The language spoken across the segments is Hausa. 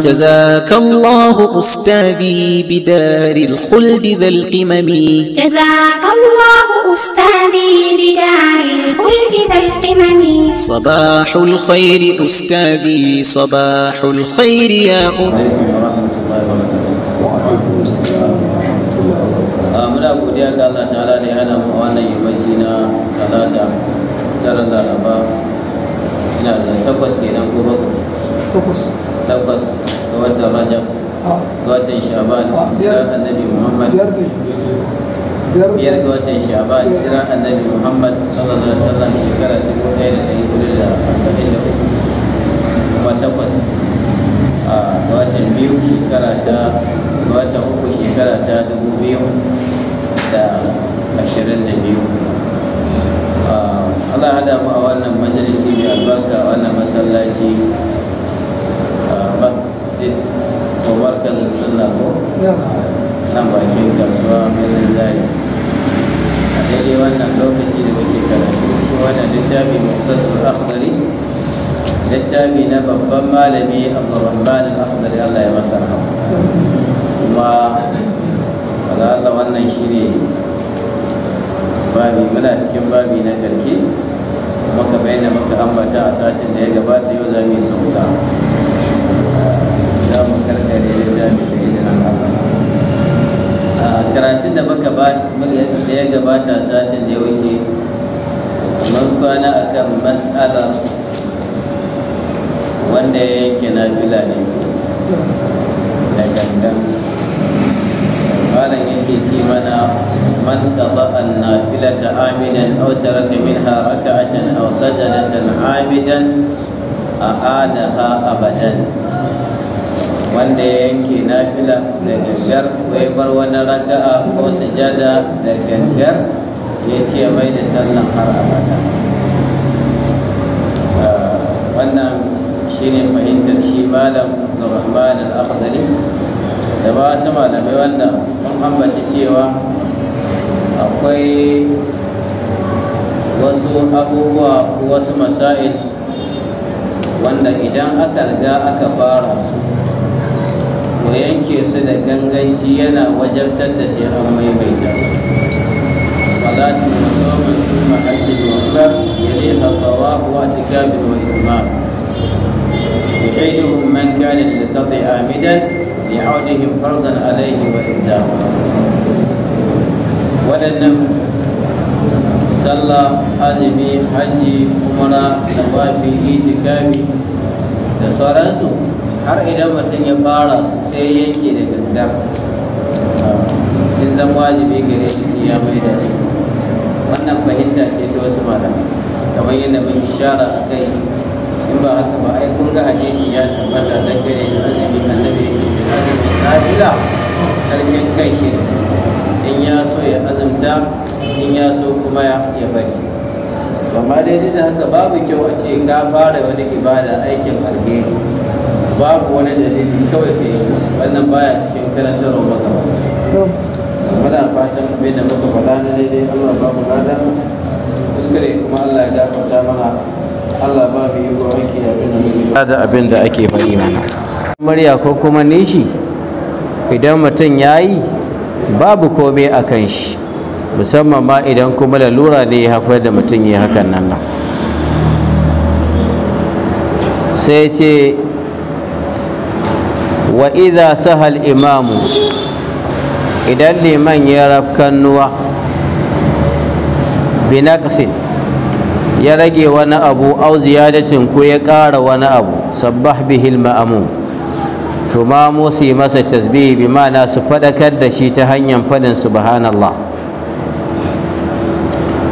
جزاك الله أستاذي بدار الخلد ذا القمم جزاك الله أستاذي بدار الخلد ذا القمم صباح الخير أستاذي صباح الخير يا أم ورحمة الله وبركاته وعليكم السلام ورحمة الله وبركاته muna godiya ga Allah ta'ala da ya hana mu wannan yammaci na takwas ga watan rajab ga watan shaban jira annabi muhammad biyar ga watan shaban jira annabi muhammad sallallahu alaihi wasallam shekara dubu ɗaya da ɗari hudu da arba'in da uku kuma takwas ga watan biyu shekara ta ga watan uku shekara ta dubu biyu da ashirin da biyu Allah ya hada mu a wannan majalisi mai albarka a wannan masallaci kasuwar kanin sallah ko nan bakin kasuwa birnin zari a daidai wannan lokaci da muke karatu su wani littafi musasul akhdari littafi na babban malami abdurrahman al-akhdari allah ya masa rahama kuma wala allah wannan shine babi muna cikin babi na karke maka bayyana maka ambata a satin da ya gabata yau za mu yi a karatun da da ya gabata satin da ya wuce mun kwana akan mas'ala wanda ya yanke na fila ne da gangan malam yake ce mana man qada an nafilata amidan a taraka hausa da aw sajadatan amidan a'adaha abadan wanda ya yanke fila da gangar ko ya bar wani raka'a ko sujada da gangar ya ce mai da sallan har abada ah, wannan shine fahimtar shi malam rahman al-Akhdari da ba su malamai wanda mun ambaci cewa akwai wasu abubuwa wasu masail wanda idan aka riga aka fara su ko yanke su da ganganci yana wajen da shi maimaita su salatu na musamman kuma ake wakar ya yi hakawa kuwa ci kafin wajima ya kai da hukumman kyani da ta tsaye amidan ya haɗe him fardar alaihi wa ita waɗannan sallah azumi hajji umara da wafi itikafi da sauransu har idan mutum ya fara su sai yanke da ganga sun zama wajibi gare shi su ya mai da su wannan fahimta ce ta wasu malamai kamar yadda mun ishara a kai in ba haka ba ai kun ga hadisi ya tabbata dangane da azumi annabi ya ce da azumi nafila sarkin kai shi in ya so ya azumta in ya so kuma ya bari amma dai da haka babu kyau a ce ka fara wani ibada aikin alheri babu wani dalili kawai ke yi wannan baya cikin wa maka muna fatan bai da maka faɗa na daidai Allah ba mu lada kuskure kuma Allah ya gafarta mana Allah ba mu yi ko aiki abin da muke da abin da ake faɗi mana murya ko kuma nishi idan mutum ya yi babu komai a kan shi musamman ma idan kuma lalura ne ya haifar da mutum ya hakan nan sai ce wa idha sahal imamu idan liman ya rafkannuwa binaqsin ya rage wani abu au ziyadacin ko ya ƙara wani abu sabbah bihil ma'amu to ma musu masa tasbihi bi ma'ana su faɗakar da shi ta hanyar faɗin subhanallah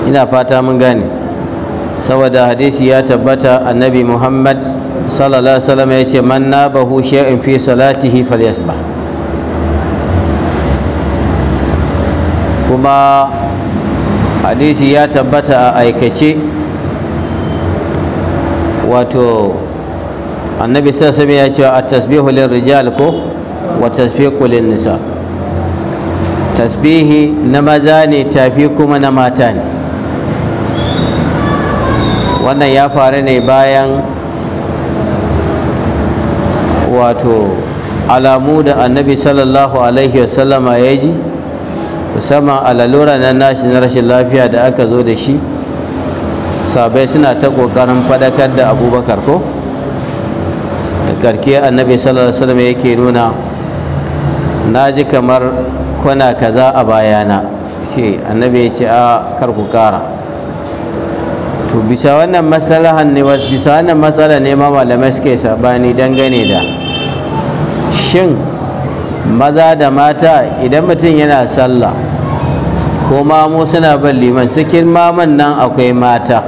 ina fata mun gane saboda hadisi ya tabbata annabi muhammad sallallahu alaihi wasallam ya ce man na nabahu shay'in fi salatihi falyasbah kuma hadisi ya tabbata a aikace wato annabi sallallahu ya ce at-tasbihu lirrijal ko wa tasfiqu lin-nisa tasbihi na maza ne tafi kuma na mata ne wannan ya faru ne bayan wato alamu da annabi sallallahu alaihi wasallama ya ji musamman a na nashi na rashin lafiya da aka zo da shi sabai suna ta ƙoƙarin faɗakar da abubakar ko da karke annabi sallallahu alaihi wasallam yake nuna na ji kamar kuna kaza a bayana shi annabi ya ce a kar ku ƙara to bisa wannan masalahan ne bisa wannan matsala ne ma malamai suke sabani dangane da shin maza da mata idan mutum yana sallah ko mamu suna bin liman cikin maman nan akwai mata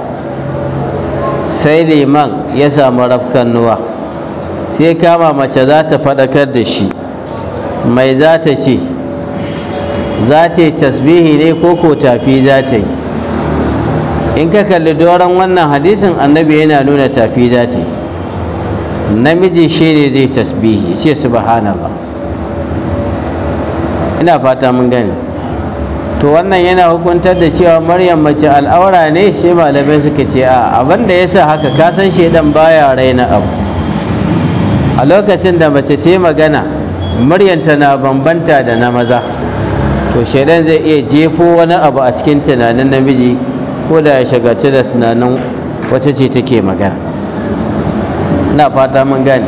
sai liman ya samu nuwa. sai kama mace za ta faɗakar da shi mai za ta ce za ta yi tasbihi ne ko ko tafi za ta yi in ka kalli doron wannan hadisin annabi yana nuna tafi dace namiji shi ne zai tasbihi ce subhanallah ina fata mun gani to wannan yana hukuntar da cewa maryam mace al'aura ne shi malamai suka ce a abin da sa haka kasan shaidan baya raina abu a lokacin da mace ce magana ta na bambanta da na maza to shaidan zai iya jefo wani abu a cikin tunanin namiji ko da ya shagalci da tunanin wata ce take magana na fata mun gane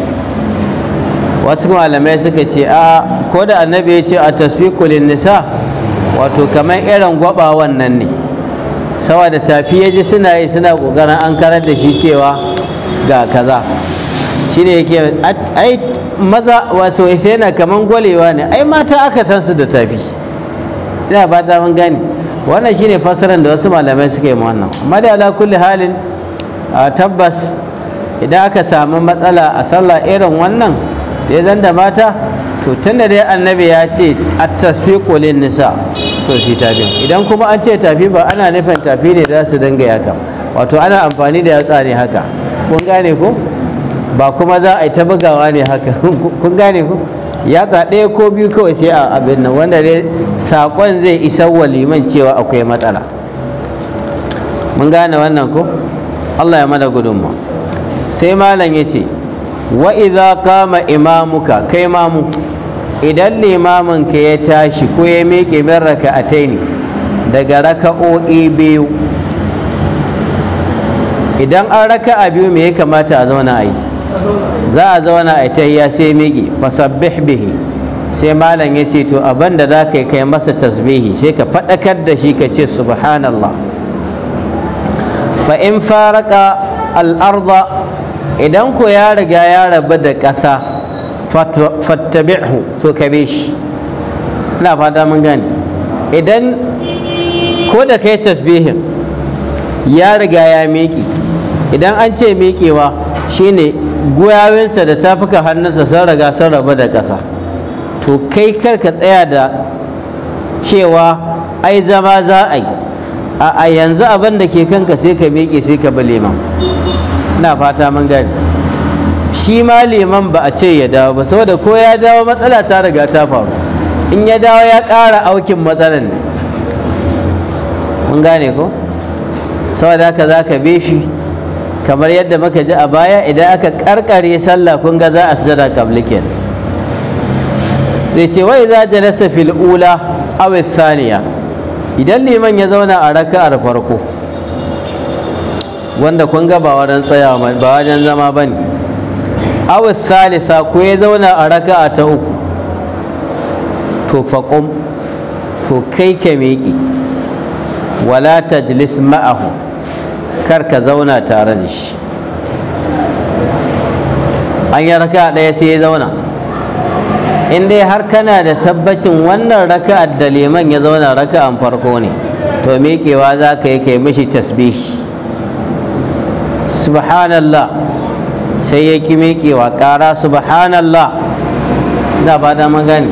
wasu malamai suka ce a ko da annabi ya ce a tasfiqul nisa wato kamar irin gwaba wannan ne saboda tafi ya ji suna yi suna kokarin an karar da shi cewa ga kaza shine yake ai maza wato sai yana kaman gwalewa ne ai mata aka san su da tafi ina fata mun gane wannan shine fasaran da wasu malamai suke mu wannan amma da ala kulli halin tabbas idan aka samu matsala a sallah irin wannan da ya zan mata to tunda dai annabi ya ce at-tasfiqu lin nisa to shi tafi idan kuma an ce tafi ba ana nufin tafi ne za su dinga yaka wato ana amfani da yatsa ne haka kun gane ko ba kuma za a yi ta bugawa ne haka kun gane ko yatsa ɗaya ko biyu kawai sai a abin nan wanda dai saƙon zai isa wa liman cewa akwai matsala mun gane wannan ko allah ya mana gudunmu sai malam ya ce wa iza kama imamuka kai mamu idan limaminka ya tashi ko ya miƙe min taini daga raka'o'i biyu idan an a biyu me ya kamata a zauna a yi za a zauna a yi ya sai miƙe fasabbih bihi sai malam ya ce to abin da za ka yi kai masa tasbihi sai ka faɗakar da shi ka ce subhanallah fa in faraka al'arda idan ku ya riga ya rabu da ƙasa fattabi'hu to ka be shi ina fata mun gani idan ko da kai tasbihin ya riga ya miƙe idan an ce miƙewa ne gwiwawinsa da tafuka hannunsa sun riga sun rabu da ƙasa to kai kar ka tsaya da cewa ai zama za a yi a yanzu abin da ke kanka sai ka miƙe sai ka bi liman ina fata mun gani shi ma liman ba a ce ya dawo ba saboda ko ya dawo matsala ta riga ta faru in ya dawo ya ƙara aukin matsalan ne mun gane ko saboda haka za ka be shi kamar yadda muka ji a baya idan aka karkare sallah kun ga za a sujada kabli kenan sai ce wai za jalasa fil ula aw saniya idan liman ya zauna a raka'ar farko wanda kun ga ba wajen tsaya ba wajen zama ba ne? a salisa ko ya zauna a raka'a ta uku to faƙon to kai ka miƙi wala ta jilis ma'ahu kar ka zauna tare da shi an yi raka ɗaya sai ya zauna in dai har kana da tabbacin wannan raka'ar da liman ya zauna raka'an farko ne to miƙewa za ka yi mishi tasbih subhanallah sai ya ki miƙewa ƙara subhanallah da ba da magani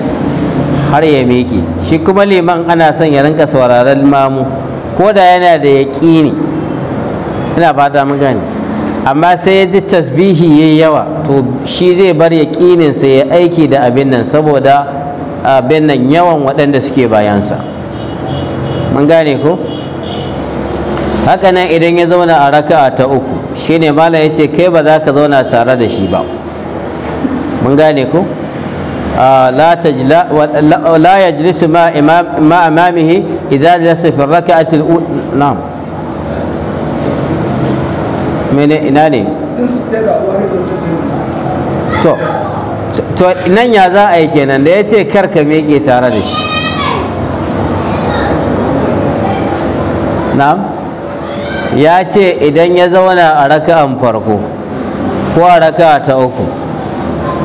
har ya miƙe shi kuma liman ana son ya rinka sauraron mamu ko da yana da ne, ina ba da magani amma sai ya ji tasbihi ya yawa to shi zai bar ya sa ya aiki da abin nan saboda abin nan yawan waɗanda suke bayansa mun gane ko haka nan idan ya zauna a raka'a ta uku shine ya ce kai ba za ka zauna tare da shi ba mun gane ko la yajlisu ma imamihi idza jalasa fi raka'atil na'am mene ina ne to to nan ya za a yi kenan da ya ce karka meke tare da shi na'am ya ce idan ya zauna a raka'an farko ko a raka'a ta uku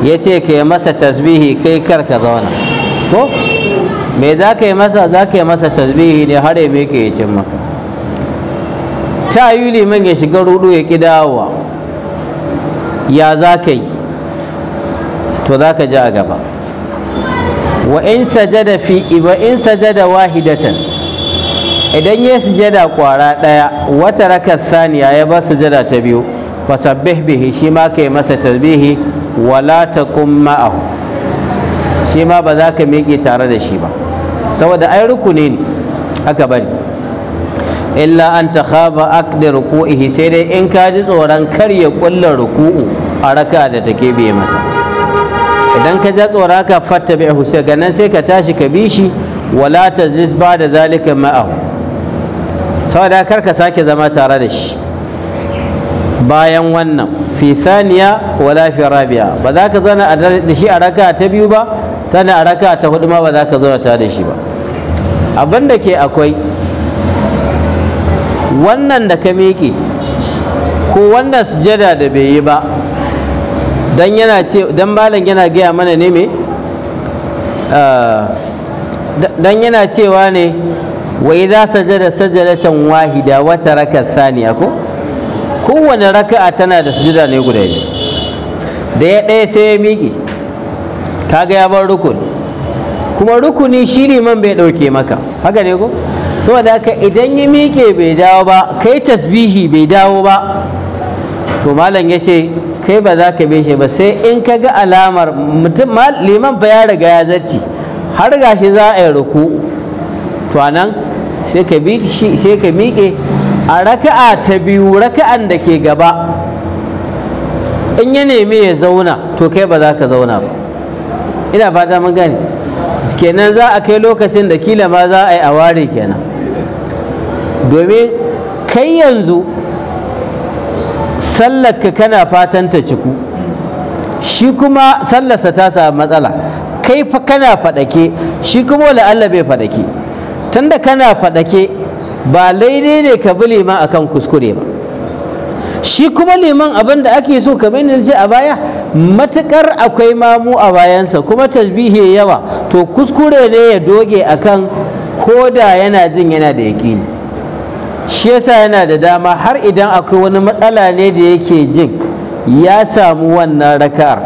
ya ce ka yi masa tasbihi kai karka zauna ko me za ka yi masa za ka yi masa tasbihi ne har ya meke ya cin maka ta yi liman ya shiga rudu ya ƙi dawowa ya za ka yi to za ka ji a gaba wa in sajada fi wa in sajada wahidatan idan ya sujada kwara ɗaya wata raka saniya ya ba sujada ta biyu fasabbih bihi shi ma kai masa tasbihi wala taqum ma'ahu shi ma ba za ka miƙe tare da shi ba saboda ai rukunin aka bari illa an ta khaba akda ruku'ihi sai dai in ka ji tsoron kar ya kulla ruku'u a raka da take bi masa idan ka ji tsora ka fatta bi husa ganan sai ka tashi ka bi shi wala tajlis ba da zalika ma'ahu saboda kar ka sake zama tare da shi bayan wannan fi saniya wala fi rabi'a ba za ka zana da shi a raka ta biyu ba sannan a raka ta hudu ma ba za ka zauna tare da shi ba abin da ke akwai wannan da ka miƙe ko wannan sujada da bai yi ba dan yana ce dan malam yana gaya mana ne me ah, dan yana cewa ne wa idza sajada sajadatan wahida wa raka saniya ko kowane raka'a tana da sujada ne guda ne da ya ɗaya sai ya miƙe kaga ya bar rukuni kuma rukuni shi man bai ɗauke maka haka ne ko saboda ka idan yi miƙe bai dawo ba kai tasbihi bai dawo ba to malam ya ce kai ba za ka shi ba sai in ka ga alamar mutum liman fa ya riga ya zaci har gashi za a yi ruku to anan sai ka miƙe a raka'a ta biyu raka'an da ke gaba in ya nemi ya zauna to kai ba za ka zauna ba ina fata mun gani. kenan za a kai lokacin da kila ma za a yi a ware kenan domin kai yanzu sallarka kana fatan ta ciku shi kuma sallarsa ta samu matsala kai fa kana faɗake shi kuma wala Allah bai faɗake tunda kana faɗake ba laidai ne ka bi liman akan kuskure ba shi kuma liman abin da ake so ka yadda ce a baya matukar akwai mamu a bayansa kuma tasbihi yawa to kuskure ne ya doge akan koda yana jin yana da yaƙini shi yasa yana da dama har idan akwai wani matsala ne da yake jin ya samu wannan raka'ar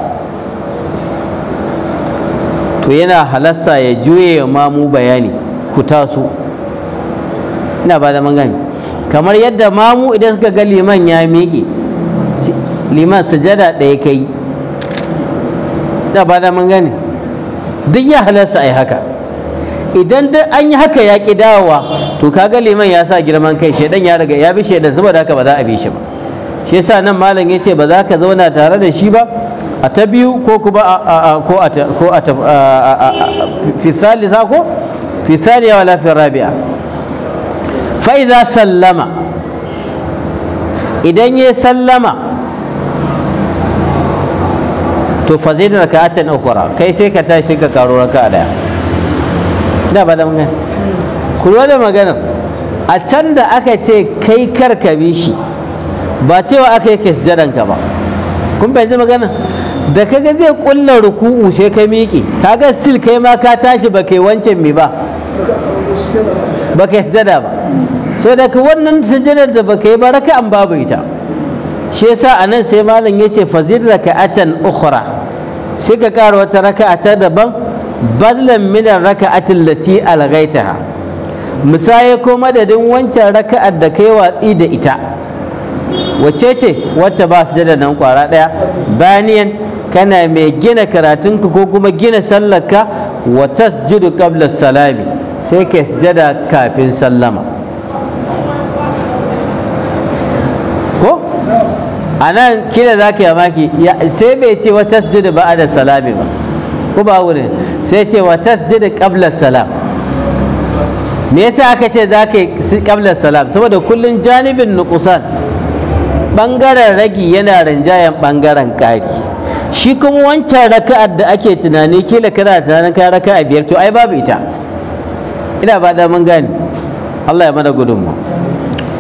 to yana halasta ya juye ya mamu bayani ku taso ina ba da gani kamar yadda mamu idan suka ga liman ya miƙe liman sujada ɗaya kai ina ba da gani duk ya halasta a yi haka idan da an yi haka ya ki dawowa to kaga liman ya sa girman kai shedan ya riga ya bi shedan saboda haka ba za a bi shi ba shi yasa nan malam yace ba za ka zauna tare da shi ba a ta biyu ko kuma ko a ko a fi za ko fi saliya wala fi rabi'a fa idza sallama idan ya sallama to fa zai da raka'atan ukhra kai sai ka tashi ka karo raka'a daya da ba da magana ku da magana a can da aka ce kai kar ka bi shi ba cewa aka yi sujjadan ka ba kun fahimci magana da kaga zai kulla ruku'u sai ka miƙe kaga sil kai ma ka tashi ba kai wancan mi ba ba kai sujjada ba sai da ka wannan sujjadar da ba kai ba raka'an babu ita shi yasa anan sai malam ce fazil raka'atan ukhra sai ka ƙara wata raka'a ta daban badlan min ar-raka'ati allati alghaitaha misaye ko madadin wancan raka'ar da kai watsi da ita wacce ce wacce ba su jada nan kwara daya baniyan kana mai gina karatunka ko kuma gina sallarka wa tasjudu qabla salami sai ka sujada kafin sallama ko anan kila zaka yi maki sai bai ce wa tasjudu ba'da salami ba ko ba wurin sai ce wa tasjid qabla salam me yasa aka ce za ka yi qabla salam saboda kullun janibin nuqsan bangaren ragi yana rinjayen bangaren kari shi kuma wancan raka'ar da ake tunani kila kana tunanin ka raka'a biyar to ai babu ita ina ba da mun gani Allah ya mana gudunmu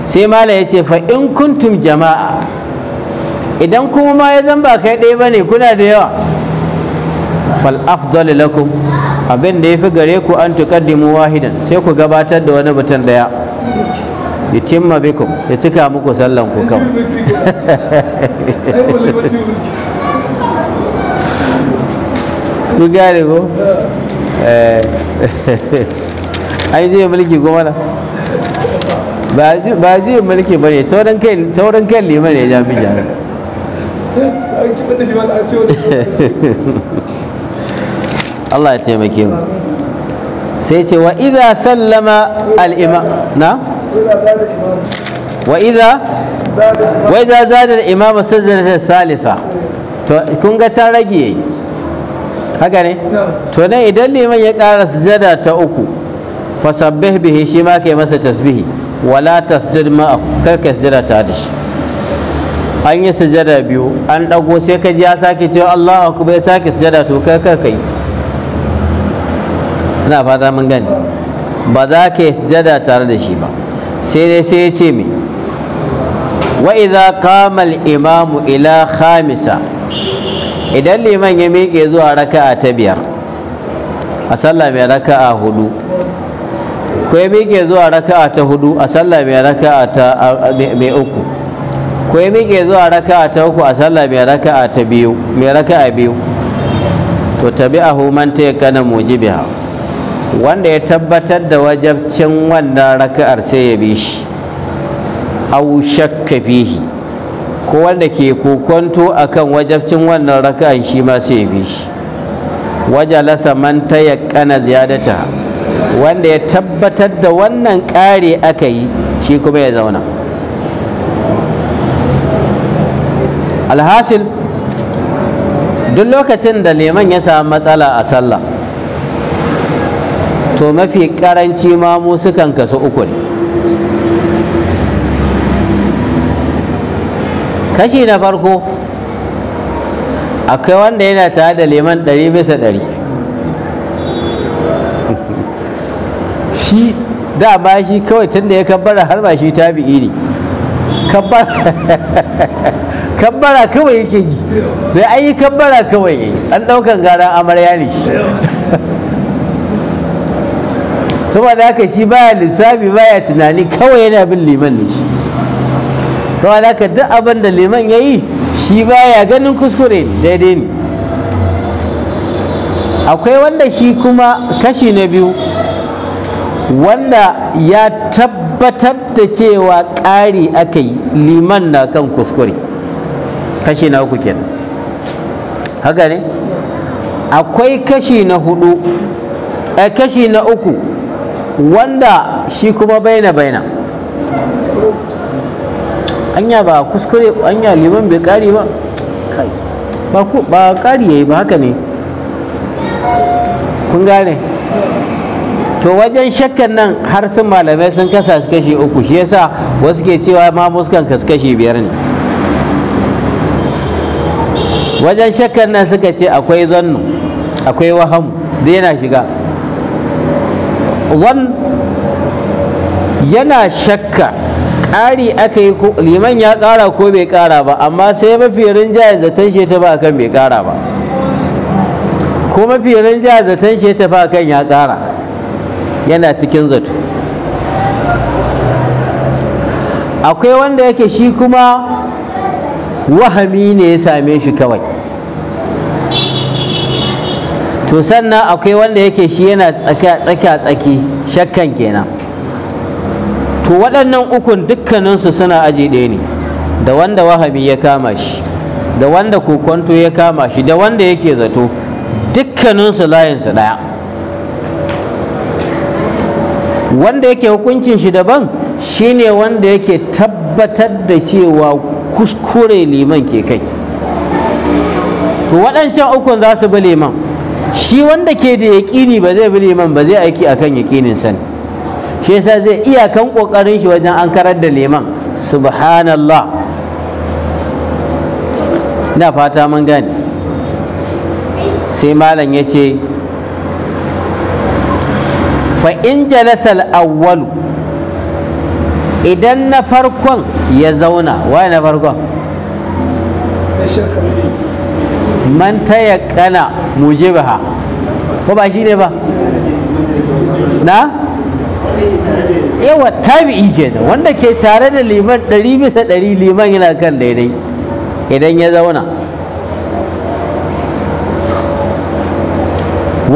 sai mala ya ce fa in kuntum jama'a idan kuma ma ya zan ba kai ɗaya bane kuna da yawa fal lakum abin da fi gare ku an tuqaddimu wahidan sai ku gabatar da wani mutum daya yutimma bikum ya cika muku sallan ku kawai ku gane ko eh. ai je mulki goma na ba je mulki bane taurin kai taurin kai liman ya ja bijara Allah ya taimake mu sai ce wa idza sallama al-imam na wa idza wa idza zada al-imam sajdata thalitha to kun ga ta rage haka ne to nan idan liman ya ƙara sujada ta uku sabbih bihi shi ma kai masa tasbihi wala tasjud ma kar ka sujada ta da shi an yi sujada biyu an dago sai ka ji ya sake cewa Allahu akbar sai sake sujada to kai kai ina fata mun gani ba za ka yi sujada tare da shi ba sai dai sai ya ce mai wa idza qama al-imam ila khamisa idan liman ya miƙe zuwa raka'a ta biyar a sallah mai raka'a hudu ko ya miƙe zuwa raka'a ta hudu a sallah mai raka'a ta mai uku ko ya miƙe zuwa raka'a ta uku a sallah mai raka'a ta biyu mai raka'a biyu to tabi'ahu man tayakkana mujibiha wanda ya tabbatar da wajabcin wannan raka'ar sai ya bi shi au shakka fihi ko wanda ke kokonto akan wajabcin wannan raka'ar shi ma sai ya bi shi saman ta tayaqqana ziyadata wanda ya tabbatar da wannan kare aka yi shi kuma ya zauna alhasil duk lokacin da liman ya samu matsala a sallah to mafi karanci ma mu sukan kasu uku ne kashi na farko akwai wanda yana tare da liman ɗari bisa ɗari shi da ba shi kawai tun da ya kabbara har ba shi tabi'i ne kabbara kawai yake ji sai an yi kabbara kawai an ɗaukan gara amarya ne shi saboda haka shi baya lissafi baya tunani kawai yana bin liman ne shi kawai da haka duk abin da liman ya yi shi baya ganin kuskure daidai ne akwai wanda shi kuma kashi na biyu wanda ya tabbatar da cewa ƙari aka yi liman na kan kuskure kashi na uku kenan haka ne akwai kashi na hudu a eh, kashi na uku wanda shi kuma baina baina anya ba kuskure anya liman bai kari ba ba kari yayi ba haka ne kun gane to wajen shakkan nan har sun malamai sun kasa su kashe uku shi yasa wasu ke cewa ma muskan kas kashe biyar ne wajen shakkan nan suka ce akwai zannu akwai wahamu da yana shiga wan yana shakka ƙari aka yi liman ya ƙara ko bai ƙara ba amma sai mafi rinjaye zaton shi ta ba kan bai ƙara ba ko mafi rinjaye zaton shi ta ba kan ya ƙara yana cikin zato akwai wanda yake shi kuma wahami ne ya same shi kawai to sannan akwai wanda yake shi yana tsaki a tsaki shakkan kenan to waɗannan ukun dukkaninsu suna aji ɗaya ne da wanda wahami ya kama shi da wanda kokonto ya kama shi da wanda yake zato dukkaninsu layinsu ɗaya wanda yake hukuncin shi daban shine wanda yake tabbatar da cewa kuskure liman ke kai to waɗancan ukun za su bi liman shi wanda ke da yaƙini ba zai bi liman ba zai aiki akan yaƙinin sani shi yasa zai kan ƙoƙarin shi wajen an karar da liman subhanallah na fata mun gani. sai malam ya ce fa'in jalasal awwalu idan na farkon ya zauna waye na farkon man ta yaƙana mujibaha ko ba shi ne ba na yawa tabi'i kenan wanda ke tare da liman ɗari bisa ɗari liman yana kan daidai idan ya zauna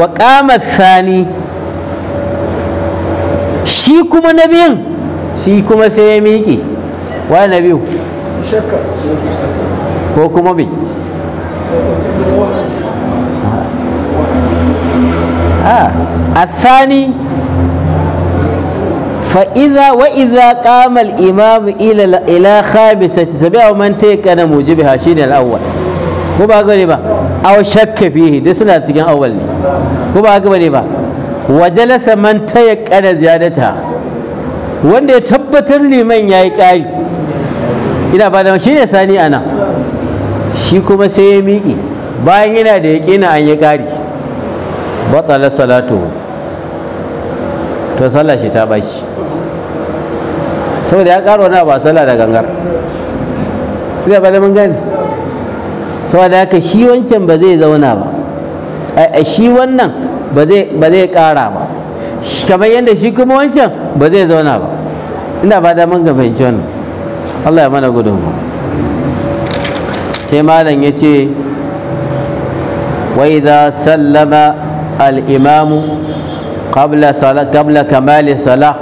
wa ƙama sani shi kuma na biyun shi kuma sai ya miƙe wa na biyu ko kuma biyu a Sani, fa'iza wa iza kamal imam ila khamisati sabi a man teka na mujibiha shine al'awwal ko ba gane ba aw shakka fihi duk suna cikin awwal ne ko ba gane ba wa jalasa man tayaqqana ziyadata wanda ya tabbatar liman yayi ƙari ina ba da shine sani ana shi kuma sai ya miƙi bayan yana da yaƙina an yi ƙari batsala salatu to sallah shi ta bashi saboda ya karo na ba sallah da gangar zai bala mun gani saboda haka shi wancan ba zai zauna ba a shi wannan ba zai kara ba kamar yadda shi kuma wancan ba zai zauna ba ina ba da mun fahimci wannan Allah ya mana gudun sai malam ya ce wa idza sallama al'imamu kabla kamali salah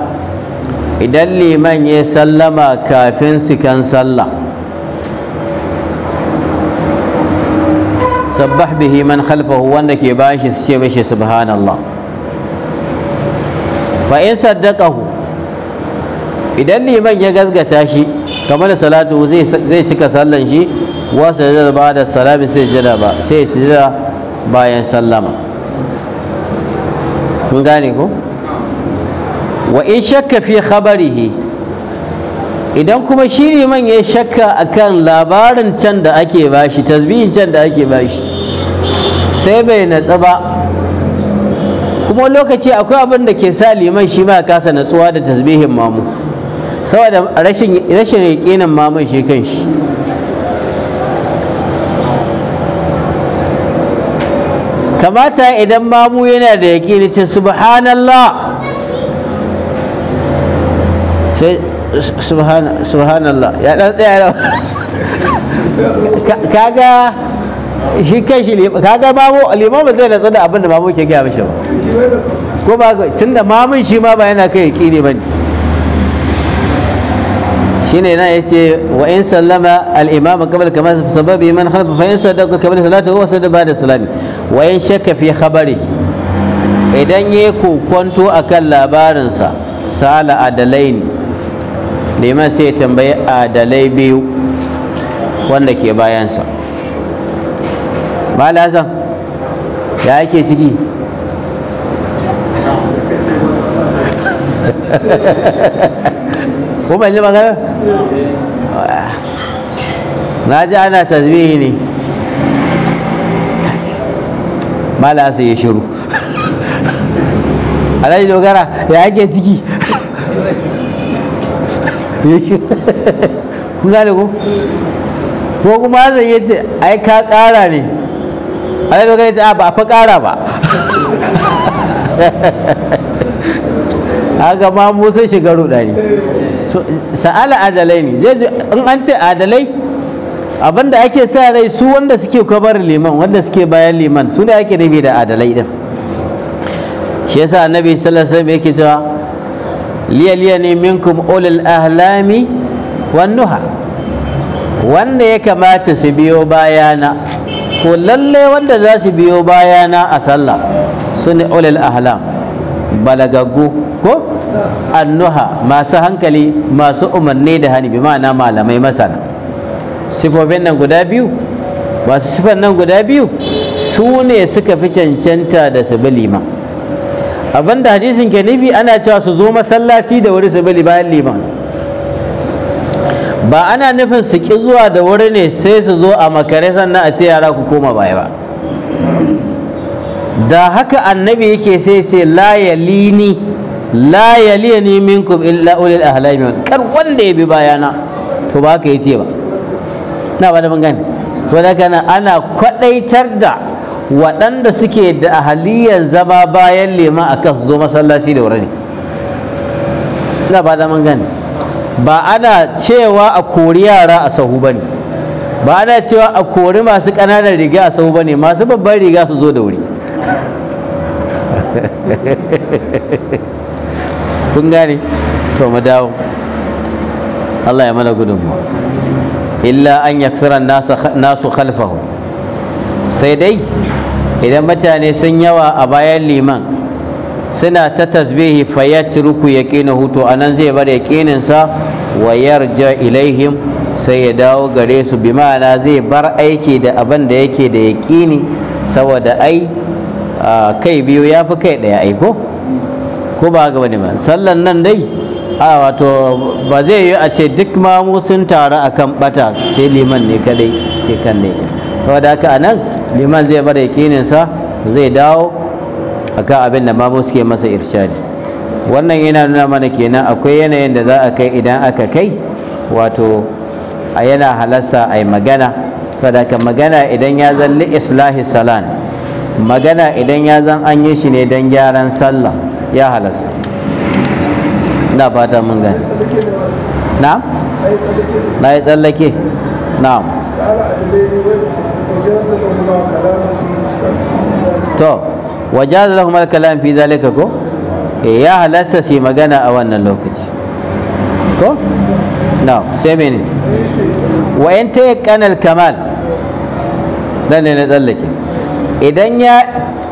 idan liman ya sallama kafin sikan sallah sabbah bihi man khalfahu wanda ke shi su ce mashi subhanallah fa in saddaqahu idan liman ya gazgata shi kamar salatu zai cika sallan shi wasu da ba da salami sai jira ba sai jira bayan sallama mun gane ko wa in shakka fi khabarihi idan kuma shi liman ya shakka akan labarin can da ake bashi tasbihin can da ake bashi sai bai natsu ba kuma lokaci akwai abin da ke sa liman shi ma kasa natsuwa da tasbihin mamu saboda rashin rashin yaƙinin mamun shi kanshi kamata idan mamu yana da yaƙini ce subhanallah sai subhanallah ya dan da kaga shi kai shi kaga mamu limamu zai natsu da abin da mamu ke gaya mishi ba ko ba tunda mamun shi ma ba yana kai yaƙini ba ne shine na yace wa in sallama al-imam qabla kama sababi man khalfa fa in saddaqa qabla salati huwa sadda ba'da salami wa in shakka fi khabari idan ya kokonto akan labarinsa sala adalaini liman sai tambayi adalai biyu wanda ke bayansa mala hasan ya ake ciki ha ha ha ha ko ban ji magana na ji ana tasbihi ne mala sai ya shiru alhaji dogara ya ake ciki kun gane ko ko kuma zai yi ce ai ka kara ne alhaji dogara ya ce a ba fa kara ba haka ma mu sai shiga rudani sa'ala adalai ne in an ce adalai abinda ake sa rai su wanda suke kwabar liman wanda suke bayan liman su ne ake nufi da adalai din shi yasa annabi sallallahu alaihi wasallam yake cewa liya ne minkum ulul ahlami wan nuha wanda ya kamata su biyo bayana ko lalle wanda za su biyo bayana a sallah su ne ulul ahlami. balagaggu ko annuha masu hankali masu umarni da hani bi ma'ana malamai masana sifofin nan guda biyu masu sifan nan guda biyu su ne suka fi cancanta da su bi liman abin hadisin ke nufi ana cewa su zo masallaci da wuri su bi bayan liman ba ana nufin su ki zuwa da wuri ne sai su zo a makare sannan a ce yara ku koma baya ba da haka annabi yake sai ce la yalini la yalini minkum illa ulil ahlamin kar wanda ya bi bayana to ba ka yace ba na ba da mun gani. to da kana ana kwadaitar da waɗanda suke da ahaliyar zama bayan lema a kan zo masallaci da wurare na ba da mun gani. ba ana cewa a kori yara a sahu ba ne ba ana cewa a kori masu ƙananan riga a sahu ba ne masu babban riga su zo da wuri kun gane to mu dawo Allah ya mana gudun mu illa an yakfiran nasu khalfahu sai dai idan mutane sun yawa a bayan liman suna ta tasbihi fayatruku yaqinahu to anan zai bar sa wa yarja ilaihim sai ya dawo gare su bi ma'ana zai bar aiki da abin da yake da yaƙini saboda ai kai biyu ya fi kai ɗaya aiko ko ba ga wani ba sallan nan dai a wato ba zai yi a ce duk mamu sun taru a kan ɓata sai liman ne kadai ke kan ne da haka anan liman zai bar nisa zai dawo akan abin da mamu suke masa irshadi wannan yana nuna mana kenan akwai yanayin da za a kai idan aka kai wato a yana halasta a yi magana saboda haka magana idan ya zalli islahi salan magana idan ya zan an yi shi ne don gyaran sallah ya halasta na fata mun gani na? na yi tsallake na to waje da al-kalam fi zalika ko eh, ya halasta shi magana a wannan lokaci ko na sai mene wa in ta yi kamal dan ne na tsallake idan ya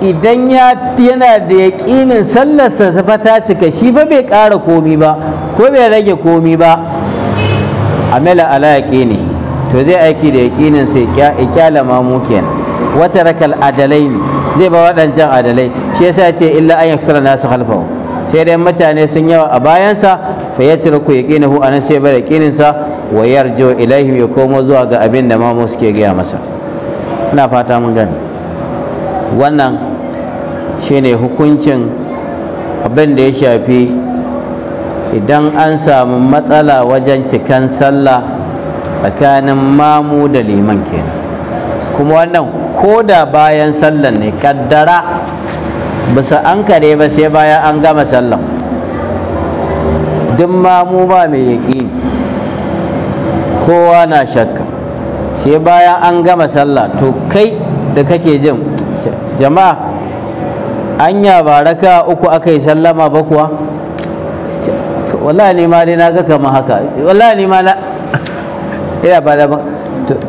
idan ya yana da yaƙinin sallarsa fa ta cika shi fa bai ƙara komi ba ko bai rage komi ba amala ala yaqini to zai aiki da yaƙinin sai mamu kenan wata rakal adalai ne zai ba waɗancan adalai shi yasa ce illa an yaksara nasu halfahu sai dai mutane sun yawa a bayansa fa ku yaqinahu anan sai bar yaƙininsa wa wayarjo ilaihim ya komo zuwa ga abin da mamu suke gaya masa ina fata mun gani wannan shine hukuncin abin da ya shafi idan an samu matsala wajen cikan sallah tsakanin mamu da liman kenan kuma wannan ko da bayan sallan ne kaddara bisa an kare ba sai bayan an gama sallan duk mamu ba mai yaƙini kowa na shakka sai bayan an gama sallah to kai da kake jin jama'a anya ba raka uku aka yi sallama ba kuwa wallahi ne ma dai na ga kama haka wallahi ne ma na ina ba da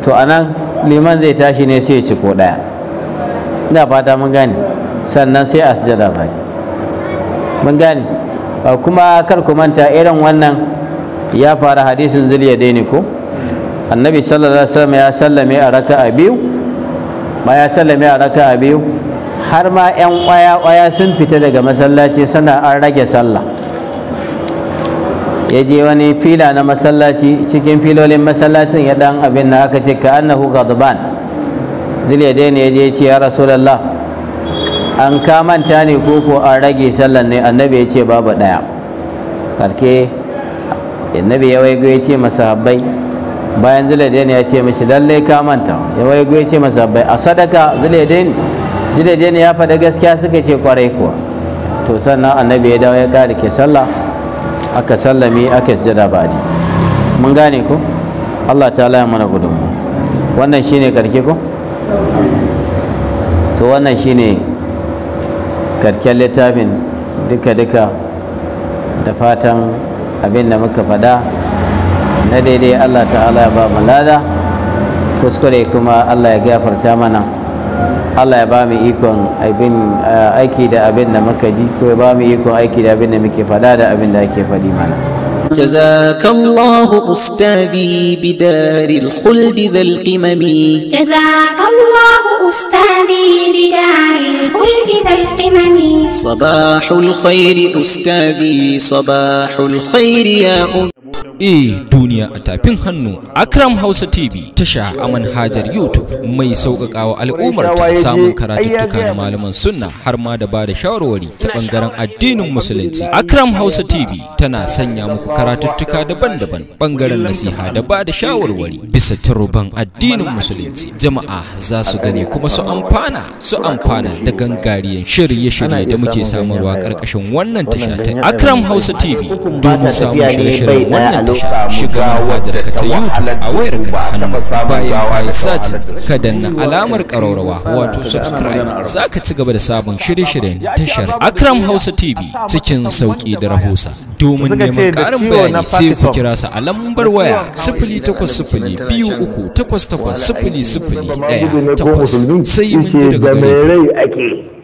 to anan liman zai tashi ne sai ya ci ko daya ina fata mun gane sannan sai a sujada ki? mun gane kuma kar ku manta irin wannan ya fara hadisin zuliya ne ko annabi sallallahu alaihi wasallam ya sallame a raka'a biyu baya sallame a raka a biyu har ma 'yan kwaya-kwaya sun fita daga masallaci suna an rage sallah ya je wani fila na masallaci cikin filolin masallacin ya dan abin da aka ce ka annahu gadban zile ne ya je ce ya rasulullah an kamanta ne ko ko an rage sallan ne annabi ya ce babu daya karke annabi ya waigo ya ce masahabbai bayan zilidin ya ce mishi lalle ka manta ya wai ya ce masa bai a sadaka zilidin zulaidain ya faɗa gaskiya suka ce kwarai kuwa to sannan annabi ya dawo ya ƙara ke sallah aka sallami aka sujada ba'di mun gane ko Allah ta ya mana gudunmu wannan shine karke ko to wannan shine karken littafin duka-duka da fatan abin da muka faɗa na daidai Allah ta'ala ya ba mu lada kuskure kuma Allah ya gafarta mana Allah ya ba mu ikon abin aiki da abin da muka ji ko ya ba mu ikon aiki da abin da muke faɗa da abin da ake faɗi mana جزاك الله أستاذي بدار الخلد ذا القمم جزاك الله أستاذي بدار الخلد ذا القمم صباح الخير أستاذي صباح الخير يا أم e duniya a tafin hannu akram hausa tv tasha a manhajar youtube mai sauƙaƙawa al'ummar ta samun karatuttuka na malaman sunna har ma da ba da shawarwari ta ɓangaren addinin musulunci akram hausa tv tana sanya muku karatuttuka daban-daban ɓangaren nasiha da ba da shawarwari bisa turban addinin musulunci jama'a za su gane kuma su amfana su amfana da gangariyan shirye-shirye da muke samarwa ƙarƙashin wannan tasha ta akram hausa tv domin samun shirye-shiryen wannan shiga wajarka ta youtube a wayarka ta hannu bayan ka yi sajin ka danna alamar ƙararrawa wato subscribe za ka ci gaba da sabon shirye-shiryen tashar akram hausa tv cikin sauƙi da rahusa domin neman ƙarin bayani sai ku kira su a lambar waya sifili takwas sifili uku takwas takwas ɗaya takwas sai mun ji daga gare ku.